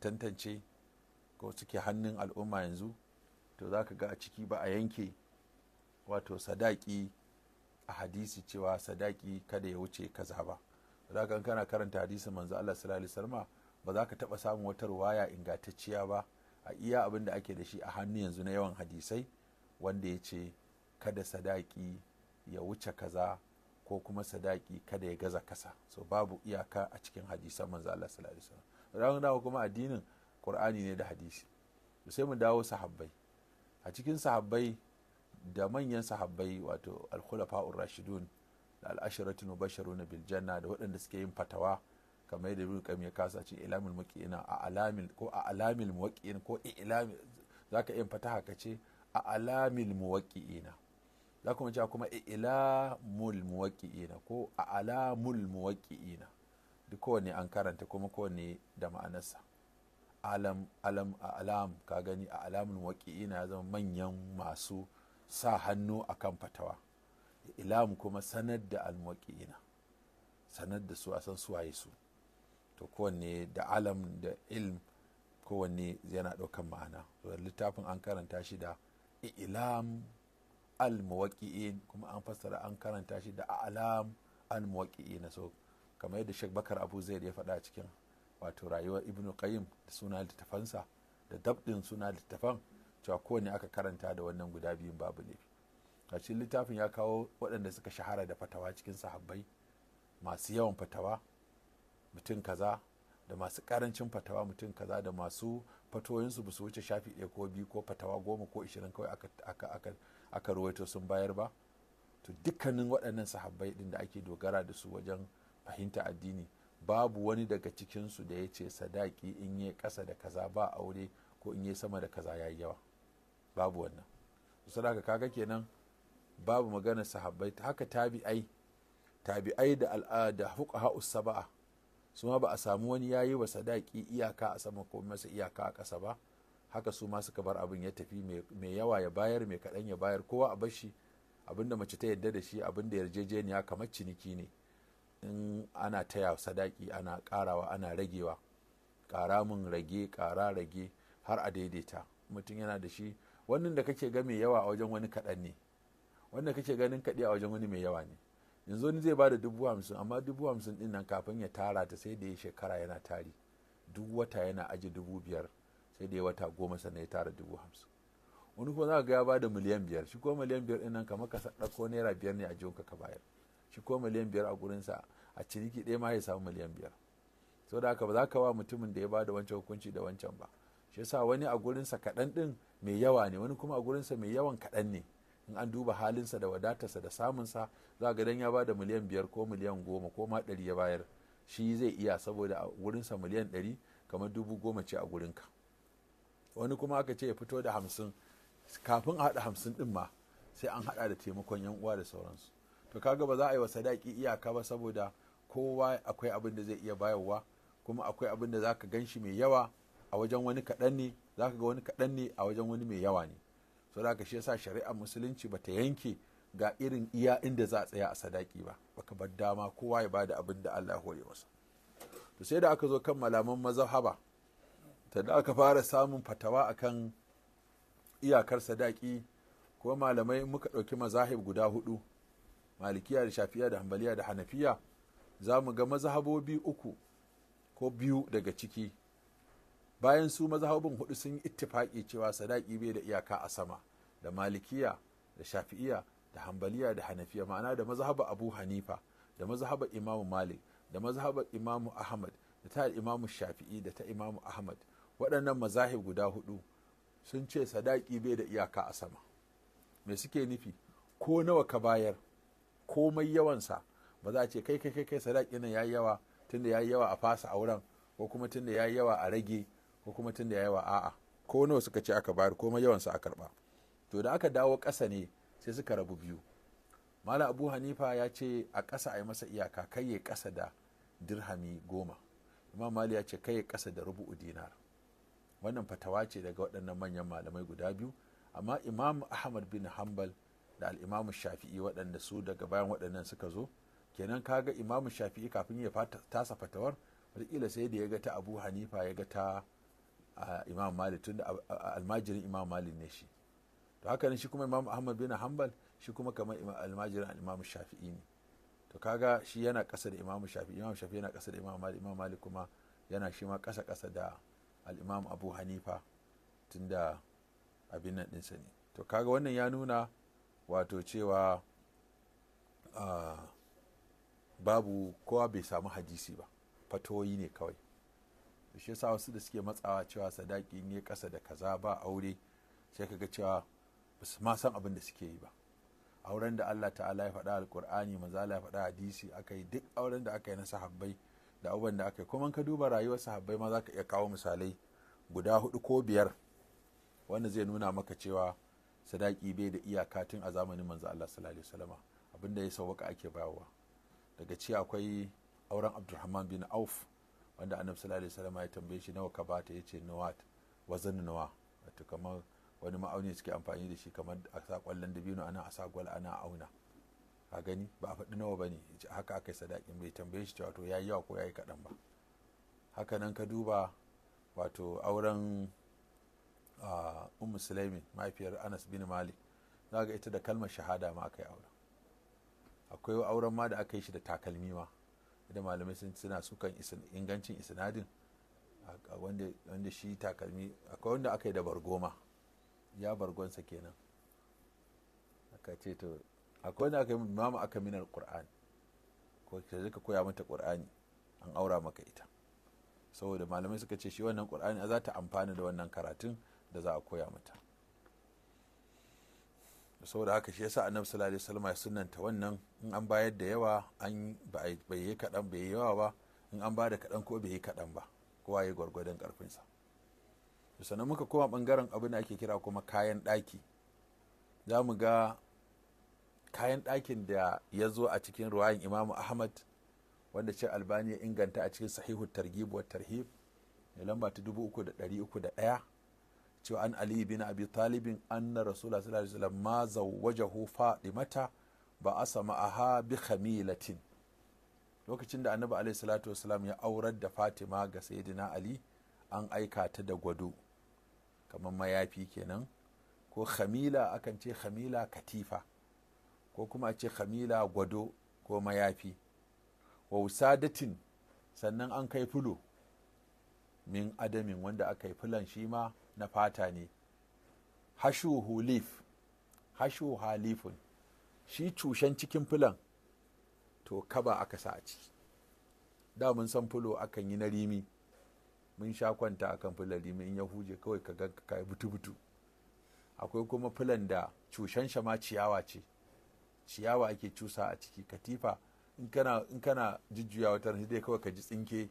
tantance ko suke hannun al'umma yanzu to za ka ga a ciki ba a yanke wato sadaki a hadisi cewa sadaki kada ya wuce kaza ba za ka kana karanta hadisin manzo Allah sallallahu alaihi wasallam ba za ka taba samun wata ruwaya ingantacciya ba a iya abin da ake da shi a hannu yanzu na yawan hadisai wanda ya ce kada sadaki ya wuce kaza ko kuma sadaki kada ya gaza kasa so babu iyaka a cikin hadisan manzo Allah sallallahu alaihi wasallam ranar dawo kuma addinin qur'ani ne da hadisi sai mu dawo sahabbai a cikin sahabbai da manyan sahabbai wato al rashidun da al na basharu bil janna da waɗanda suke yin fatawa kamar yadda ibn qayyim ya kasa cikin ilamul muqina a alamil ko a alamil muwaqqin ko ilamil zaka yin fataha ka ce a alamil muwaqqi'ina za kuma ce kuma ilamul muwaqqi'ina ko a alamul muwaqqi'ina duk kowane an karanta kuma kowanne da ma'anarsa alam alam a alam ka gani a alamun waƙi'ina ya zama manyan masu sa hannu a kan fatawa ilam kuma sanar da ina sanar da su a san su waye su to kowanne da alam da ilm kowanne yana ɗaukan ma'ana littafin an karanta shi da ilam al kuma an fassara an karanta shi da alam al na so kamar yadda Sheikh Bakar Abu zai ya faɗa a cikin wato rayuwar Ibn Qayyim da suna littafansa da dabdin suna littafan cewa kowane aka karanta da wannan guda biyun babu ne? a cikin littafin ya kawo waɗanda suka shahara da fatawa cikin sahabbai masu yawan fatawa mutum kaza da masu karancin fatawa mutum kaza da masu fatoyinsu ba su wuce shafi ɗaya ko biyu ko fatawa goma ko ishirin kawai aka rawaito sun bayar ba to dukkanin waɗannan sahabbai ɗin da ake dogara da su wajen fahimta addini babu wani daga cikinsu da ya ce sadaki in yi kasa da kaza ba aure ko in yi sama da kaza ya yi yawa babu wannan sadaka kaga kenan babu magana sahabbai haka tabi'ai tabi'ai da al'ada fuqaha saba'a su ma ba a samu wani ya yi wa sadaki iyaka a sama ko masa iyaka a kasa ba haka su ma suka bar abin ya tafi mai yawa ya bayar mai kaɗan ya bayar kowa a bashi, abinda mace ta yadda da shi abinda yarjejeniya kamar ciniki ne in ana taya sadaki ana karawa ana ragewa kara mun rage kara rage har a daidaita mutum yana da shi wannan da kake ga mai yawa a wajen wani kaɗan ne wannan kake ganin kaɗi a wajen wani mai yawa ne yanzu wani zai bada dubu hamsin amma dubu hamsin din nan kafin ya tara ta sai da ya shekara yana tari duk wata yana aji dubu biyar sai da ya wata goma sannan ya tara dubu hamsin wani kuma za ga ya bada miliyan biyar shi ko miliyan biyar din nan kamar ka ɗauko naira biyar ne a jiyon ka bayar shi ko miliyan biyar a gurinsa a ciniki ɗaya ma ya samu miliyan biyar da haka ba za ka ba mutumin da ya bada wancan hukunci da wancan ba shi yasa wani a gurinsa kaɗan ɗin mai yawa ne wani kuma a gurinsa mai yawan kaɗan ne in an duba halinsa da wadatarsa da samunsa za ga dan ya bada miliyan biyar ko miliyan goma ko ma ɗari ya bayar shi zai iya saboda a gurinsa miliyan ɗari kamar dubu goma ce a gurinka wani kuma aka ce ya fito da hamsin kafin a haɗa hamsin ɗin ma sai an haɗa da taimakon yan uwa da sauransu to kaga ba za a yi wa sadaki iyaka ba saboda kowa akwai abin da zai iya bayarwa kuma akwai abin da za ka gan shi mai yawa a wajen wani kaɗan ne za ka ga wani kaɗan ne a wajen wani mai yawa ne so da shi yasa shari'ar musulunci ba ta yanke ga irin iya inda za a tsaya a sadaki ba baka bar dama kowa ya bada abin da Allah ya hore masa to sai da aka zo kan malaman mazhaba ta da aka fara samun fatawa akan iyakar sadaki kuma malamai muka ɗauki mazahib guda hudu malikiya da shafiya da hambaliya da hanafiya za mu ga mazhabobi uku ko biyu daga ciki bayan su mazhabin hudu sun yi ittifaki cewa sadaki bai da iyaka a sama da malikiya da shafi'iya da hambaliya da hanafiya ma'ana da mazhaba abu hanifa da mazhaba imamu malik da mazhaba imamu ahmad da ta imamu shafi'i da ta imamu ahmad waɗannan mazahib guda hudu sun ce sadaki bai da iyaka a sama me suke nufi ko nawa ka bayar komai yawansa ba za a ce kai kai kai kai sadaki nan yayi yawa tunda yayi yawa a fasa auren ko kuma tunda yayi yawa a rage ko kuma tunda yayi yawa a'a ko nawa suka ce aka bayar komai yawansa a karba to da aka dawo ƙasa ne sai suka rabu biyu mala abu hanifa ya ce a ƙasa a yi masa iyaka kai ya ƙasa da dirhami goma imam mali ya ce kai ya ƙasa da rubu'u dinar wannan fatawa ce daga waɗannan manyan malamai guda biyu amma imam ahmad bin hanbal da al'imamu shafi'i waɗanda su daga bayan waɗannan suka zo kenan kaga imamu shafi'i kafin ya tasa fatawar wataƙila sai da ya ga ta abu hanifa ya ga ta imam malik tun da almajirin imam malik ne shi to haka shi kuma imam ahmad bin hanbal shi kuma kamar almajirin imam shafi'i ne to kaga shi yana ƙasa da imam shafi'i imam shafi'i yana ƙasa da imam malik imam malik kuma yana shi ma ƙasa ƙasa da al'imam abu hanifa tun da abin nan ɗinsa ne to kaga wannan ya nuna wato cewa uh, babu kowa bai samu hadisi ba fatoyi ne kawai shi yasa wasu da suke matsawa cewa sadaki in kasa ƙasa da kaza ba aure sai kaga cewa ba ma san abin da suke yi ba auren da Allah ta'ala ya faɗa alƙur'ani maza ya faɗa hadisi aka yi duk auren da aka yi na sahabbai da abubuwan da aka yi kuma ka duba rayuwar sahabbai ma za ka iya kawo misalai guda hudu ko biyar wanda zai nuna maka cewa sadaki bai da iyaka tun a zamanin manzo Allah sallallahu alaihi wasallam abinda ya sauwaka ake bayarwa daga ci akwai auren Abdurrahman bin Auf wanda Annabi sallallahu alaihi wasallam ya tambaye shi nawa ka bata yace nawat wazan nawa wato kamar wani ma'auni suke amfani da shi kamar a sa kwallon dabino ana a sa gwal ana auna a gani ba a faɗi nawa bane yace haka aka yi sadakin bai tambaye shi wato yayi yawa ko yayi kaɗan ba haka nan ka duba wato auren ummu sulaimin mahaifiyar anas bin malik za ga ita da kalmar shahada ma aka yi auren akwai auren ma da aka yi shi da takalmi ma idan malamai sun suna sukan ingancin isnadin wanda shi takalmi akwai wanda aka yi da bargoma ya bargonsa kenan aka ce to akwai wanda aka yi mama aka minar qur'ani ko ka koya mata qur'ani an aura maka ita saboda malamai suka ce shi wannan qur'ani za ta amfana da wannan karatun da za a koya mata saboda haka shi yasa annabi sallallahu alaihi wasallam ya sunnanta wannan in an bayar da yawa an bai yi kaɗan bai yi yawa ba in an ba da kaɗan ko bai yi kaɗan ba kowa ya gwargwadon ƙarfinsa sannan muka koma ɓangaren abin da ake kira kuma kayan ɗaki za mu ga kayan ɗakin da ya zo a cikin ruwayin imamu ahmad wanda ce albani ya inganta a cikin sahihu targhib wa tarhib lamba ta dubu uku da ɗari uku da ɗaya cewa an ali bin abi talibin anna rasulullah sallallahu alaihi wasallam ma zawwajahu fadimata ba a ma'aha bi khamilatin lokacin da annabi alaihi salatu wasallam ya aurar da fatima ga sayyidina ali an aika ta da gwado kamar mayafi kenan ko khamila akan ce khamila katifa ko kuma a ce khamila gwado ko mayafi wa wusadatin sannan an kai fulo min adamin wanda aka yi filan shi ma na fata ne hashuhu lif hashuhu halifun shi cushen cikin filan to kaba aka sa a ciki da mun san fulo akan yi na rimi mun sha kwanta akan filan rimi in ya huje kawai ka ganka ka butu-butu akwai kuma filan da cushen shama ciyawa ce ciyawa ake cusa a ciki katifa in kana jujjuya wata dai kawai ka ji tsinke